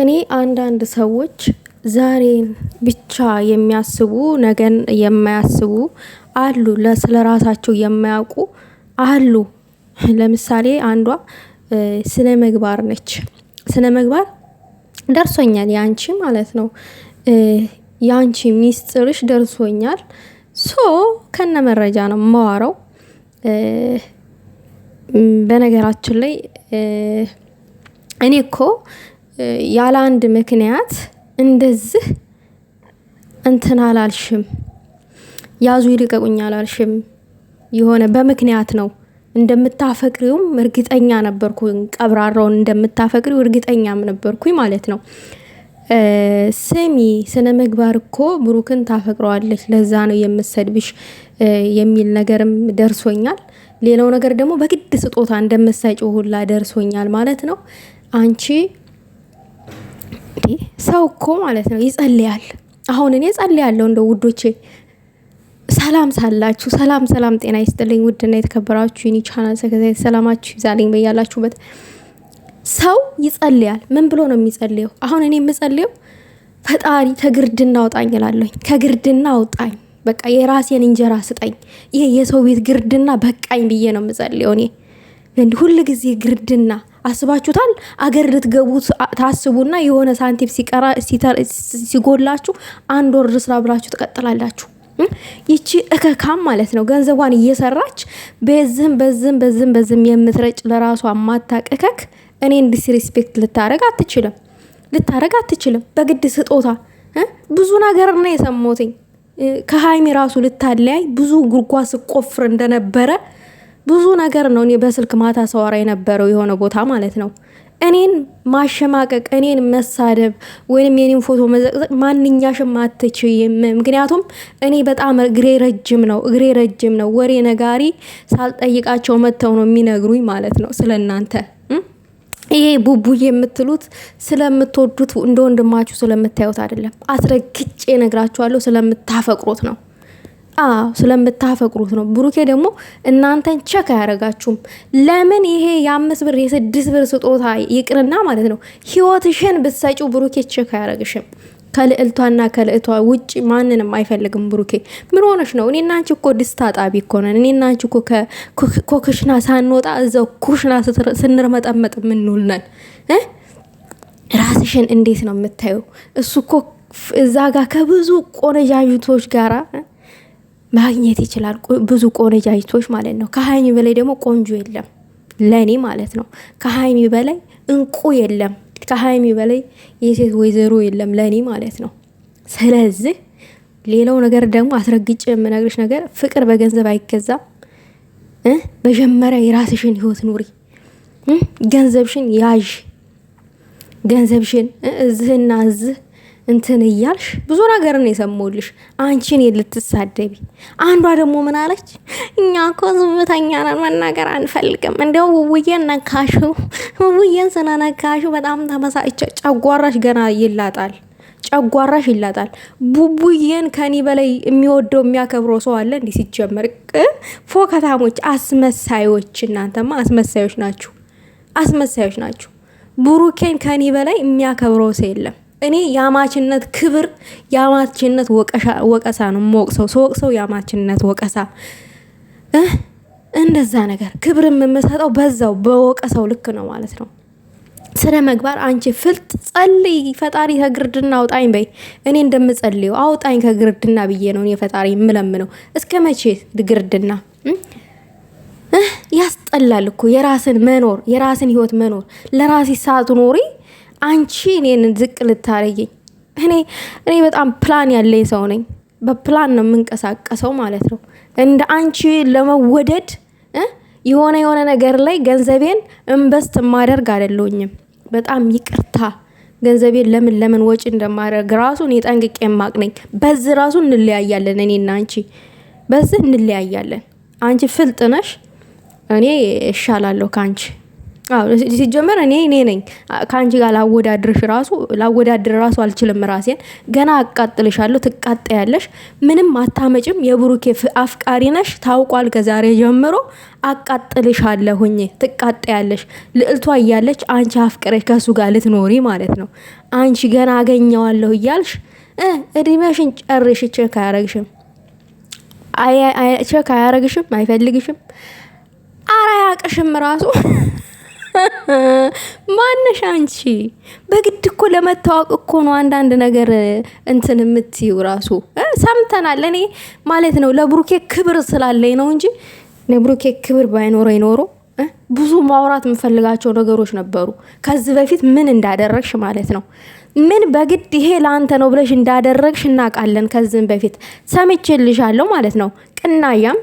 እኔ አንዳንድ ሰዎች ዛሬን ብቻ የሚያስቡ ነገን የማያስቡ አሉ፣ ስለ ራሳቸው የማያውቁ አሉ። ለምሳሌ አንዷ ስነ ምግባር ነች። ስነ ምግባር ደርሶኛል ያንቺ ማለት ነው ያንቺ ሚስጥርሽ ደርሶኛል። ሶ ከነ መረጃ ነው ማዋራው። በነገራችን ላይ እኔ እኮ ያለ አንድ ምክንያት እንደዚህ እንትን አላልሽም፣ ያዙ ይልቀቁኝ አላልሽም። የሆነ በምክንያት ነው። እንደምታፈቅሪውም እርግጠኛ ነበርኩ። ቀብራራውን እንደምታፈቅሪው እርግጠኛም ነበርኩኝ ማለት ነው። ስሚ ስነ ምግባር እኮ ብሩክን ታፈቅረዋለች፣ ለዛ ነው የምሰድብሽ የሚል ነገርም ደርሶኛል። ሌላው ነገር ደግሞ በግድ ስጦታ እንደምሰጪው ሁላ ደርሶኛል ማለት ነው አንቺ ሰው እኮ ማለት ነው ይጸልያል። አሁን እኔ ጸልያለሁ። እንደ ውዶቼ ሰላም ሳላችሁ፣ ሰላም ሰላም፣ ጤና ይስጥልኝ ውድና የተከበራችሁ የኔ ቻናል ተከታይ ሰላማችሁ ይዛልኝ በያላችሁበት። ሰው ይጸልያል። ምን ብሎ ነው የሚጸልየው? አሁን እኔ የምጸልየው ፈጣሪ ከግርድና አውጣኝ እላለሁኝ። ከግርድና አውጣኝ፣ በቃ የራሴን እንጀራ ስጠኝ፣ ይሄ የሰው ቤት ግርድና በቃኝ ብዬ ነው የምጸልየው እኔ ሁል ጊዜ ግርድና አስባችሁታል? አገር ልትገቡ ታስቡና የሆነ ሳንቲም ሲቀራ ሲጎላችሁ አንድ ወር ስራ ብላችሁ ትቀጥላላችሁ። ይቺ እከካም ማለት ነው ገንዘቧን እየሰራች በዝም በዝም በዝም በዝም የምትረጭ ለራሷ ማታቅ እከክ እኔን ዲስሪስፔክት ልታረግ አትችልም፣ ልታረግ አትችልም። በግድ ስጦታ ብዙ ነገር ነው የሰሞትኝ ከሀይሚ ራሱ ልታለያይ ብዙ ጉርጓ ስቆፍር እንደነበረ ብዙ ነገር ነው እኔ በስልክ ማታ ሰዋራ የነበረው የሆነ ቦታ ማለት ነው። እኔን ማሸማቀቅ፣ እኔን መሳደብ ወይም የኔን ፎቶ መዘቅዘቅ ማንኛሽም አትችይም። ምክንያቱም እኔ በጣም እግሬ ረጅም ነው፣ እግሬ ረጅም ነው። ወሬ ነጋሪ ሳልጠይቃቸው መጥተው ነው የሚነግሩኝ ማለት ነው ስለ እናንተ ይሄ ቡቡዬ የምትሉት ስለምትወዱት እንደ ወንድማችሁ ስለምታዩት አይደለም። አስረግጬ ነግራችኋለሁ፣ ስለምታፈቅሩት ነው። ስለምታፈቅሩት ነው። ብሩኬ ደግሞ እናንተን ቸክ አያደረጋችሁም ለምን ይሄ የአምስት ብር የስድስት ብር ስጦታ ይቅርና ማለት ነው ህይወትሽን ብትሰጪው ብሩኬ ቸክ አያደርግሽም። ከልዕልቷና ከልዕቷ ውጭ ማንንም አይፈልግም። ብሩኬ ምን ሆነሽ ነው? እኔና አንቺ እኮ ድስት አጣቢ እኮ ነን። እኔና አንቺ እኮ ከኩሽና ሳንወጣ እዛው ኩሽና ስንርመጠመጥ የምንውል ነን። ራስሽን እንዴት ነው የምታየው? እሱ እኮ እዛ ጋር ከብዙ ቆነጃጅቶች ጋራ ማግኘት ይችላል። ብዙ ቆነጃጅቶች ማለት ነው። ከሀይሚ በላይ ደግሞ ቆንጆ የለም ለእኔ ማለት ነው። ከሀይሚ በላይ እንቁ የለም። ከሀይሚ በላይ የሴት ወይዘሮ የለም ለእኔ ማለት ነው። ስለዚህ ሌላው ነገር ደግሞ አስረግጭ የምነግርሽ ነገር ፍቅር በገንዘብ አይገዛም። መጀመሪያ የራስሽን ህይወት ኑሪ። ገንዘብሽን ያዥ። ገንዘብሽን እዝህና እዝህ እንትን እያልሽ ብዙ ነገር ነው የሰማሁልሽ። አንቺን ልትሳደቢ አንዷ ደግሞ ምን አለች? እኛ እኮ ዝምተኛ ነን፣ መናገር አንፈልግም። እንዲያው ውውዬን ነካሽው፣ ውውዬን ስለነካሽው በጣም ተመሳጭ። ጨጓራሽ ገና ይላጣል፣ ጨጓራሽ ይላጣል። ቡቡዬን ከኔ በላይ የሚወደው የሚያከብረው ሰው አለ? እንዲህ ሲጀመር ፎከታሞች፣ አስመሳዮች። እናንተማ አስመሳዮች ናችሁ፣ አስመሳዮች ናችሁ። ብሩኬን ከኔ በላይ የሚያከብረው ሰው የለም። እኔ የአማችነት ክብር የአማችነት ወቀሳ ነው የምወቅሰው። ስወቅሰው የአማችነት ወቀሳ እንደዛ ነገር ክብር የምሰጠው በዛው በወቀሰው ልክ ነው ማለት ነው። ስነ መግባር አንቺ ፍልጥ ጸልይ፣ ፈጣሪ ከግርድና አውጣኝ በይ። እኔ እንደምጸልየው አውጣኝ ከግርድና ብዬ ነው የፈጣሪ የምለምነው። እስከ መቼ ግርድና? ያስጠላል እኮ የራስን መኖር የራስን ህይወት መኖር። ለራሴ ኖሬ አንቺ እኔን ዝቅ ልታረየኝ። እኔ እኔ በጣም ፕላን ያለኝ ሰው ነኝ። በፕላን ነው የምንቀሳቀሰው ማለት ነው። እንደ አንቺ ለመወደድ የሆነ የሆነ ነገር ላይ ገንዘቤን እንበስት ማደርግ አይደለሁኝም። በጣም ይቅርታ ገንዘቤን ለምን ለምን ወጪ እንደማደርግ ራሱ እኔ ጠንቅቄ የማቅ ነኝ። በዚህ ራሱ እንለያያለን። እኔና አንቺ በዚህ እንለያያለን። አንቺ ፍልጥ ነሽ፣ እኔ እሻላለሁ ከአንቺ ሲጀመር እኔ እኔ ነኝ ከአንቺ ጋር ላወዳድርሽ ራሱ ላወዳድር ራሱ አልችልም ራሴን። ገና አቃጥልሻለሁ፣ ትቃጠያለሽ፣ ምንም አታመጭም፣ የብሩኬ አፍቃሪ ነሽ ታውቋል። ከዛሬ ጀምሮ አቃጥልሻለሁኝ፣ ትቃጠያለሽ። ልዕልቷ እያለች አንቺ አፍቅረሽ ከእሱ ጋር ልትኖሪ ማለት ነው። አንቺ ገና አገኘዋለሁ እያልሽ እድሜሽን ጨርሽ። ቼክ አያረግሽም፣ ቼክ አያረግሽም፣ አይፈልግሽም፣ አራያቅሽም ራሱ ማነሽ አንቺ? በግድ እኮ ለመታወቅ እኮ ነው አንዳንድ ነገር እንትን የምትይው ራሱ ሰምተናል። እኔ ማለት ነው ለብሩኬ ክብር ስላለኝ ነው እንጂ ለብሩኬ ክብር ባይኖረኝ ኖሮ ብዙ ማውራት የምፈልጋቸው ነገሮች ነበሩ። ከዚህ በፊት ምን እንዳደረግሽ ማለት ነው ምን በግድ ይሄ ለአንተ ነው ብለሽ እንዳደረግሽ እናውቃለን። ከዚህም በፊት ሰምቼልሻለሁ ማለት ነው። ቅናያም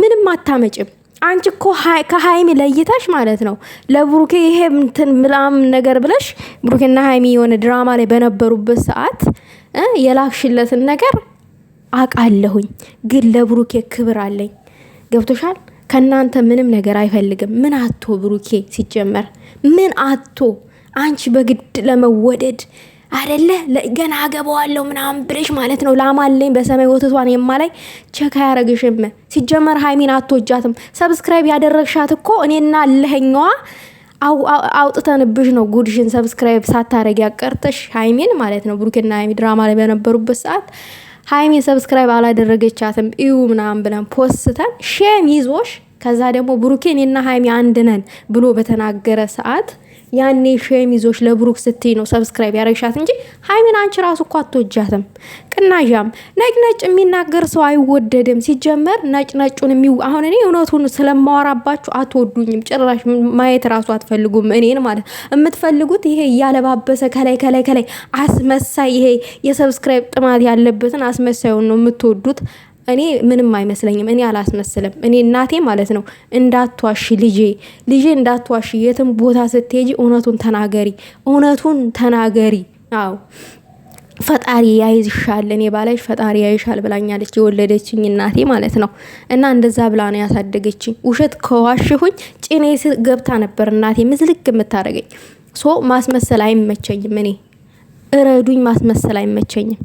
ምንም አታመጭም። አንቺ እኮ ከሀይሚ ለይተሽ ማለት ነው ለብሩኬ ይሄ እንትን ነገር ብለሽ ብሩኬና ሀይሚ የሆነ ድራማ ላይ በነበሩበት ሰዓት የላክሽለትን ነገር አቃለሁኝ፣ ግን ለብሩኬ ክብር አለኝ። ገብቶሻል? ከእናንተ ምንም ነገር አይፈልግም። ምን አቶ ብሩኬ ሲጀመር ምን አቶ አንቺ በግድ ለመወደድ አደለ ገና አገባዋለሁ ምናምን ብለሽ ማለት ነው። ላማለኝ በሰማይ ወተቷን የማላይ ቸክ ያረግሽም። ሲጀመር ሀይሚን አትወጃትም። ሰብስክራይብ ያደረግሻት እኮ እኔና ለኸኛዋ አውጥተንብሽ ነው ጉድሽን። ሰብስክራይብ ሳታረግ ያቀርተሽ ሀይሚን ማለት ነው። ብሩኬና ሀይሚ ድራማ ላይ በነበሩበት ሰዓት ሀይሚን ሰብስክራይብ አላደረገቻትም እዩ ምናምን ብለን ፖስተን ሼም ይዞሽ ከዛ ደግሞ ብሩኬ እኔና ሀይሚ አንድ ነን ብሎ በተናገረ ሰዓት ያኔ ሼም ይዞች ለብሩክ ስትይ ነው ሰብስክራይብ ያረግሻት እንጂ ሀይሚን አንቺ ራሱ እኮ አትወጃትም። ቅናዣም ነጭ ነጭ የሚናገር ሰው አይወደድም። ሲጀመር ነጭ ነጩን የሚ አሁን እኔ እውነቱን ስለማወራባችሁ አትወዱኝም። ጭራሽ ማየት ራሱ አትፈልጉም። እኔን ማለት የምትፈልጉት ይሄ እያለባበሰ ከላይ ከላይ ከላይ አስመሳይ፣ ይሄ የሰብስክራይብ ጥማት ያለበትን አስመሳዩን ነው የምትወዱት። እኔ ምንም አይመስለኝም። እኔ አላስመስልም። እኔ እናቴ ማለት ነው እንዳትዋሺ ልጄ ልጄ እንዳትዋሺ፣ የትም ቦታ ስትሄጂ እውነቱን ተናገሪ፣ እውነቱን ተናገሪ። አዎ ፈጣሪ ያይዝሻል፣ እኔ ባላሽ ፈጣሪ ያይሻል ብላኛለች፣ የወለደችኝ እናቴ ማለት ነው። እና እንደዛ ብላ ነው ያሳደገችኝ። ውሸት ከዋሽሁኝ ጭኔ ገብታ ነበር እናቴ ምዝልክ የምታደርገኝ። ሶ ማስመሰል አይመቸኝም። እኔ እረዱኝ፣ ማስመሰል አይመቸኝም።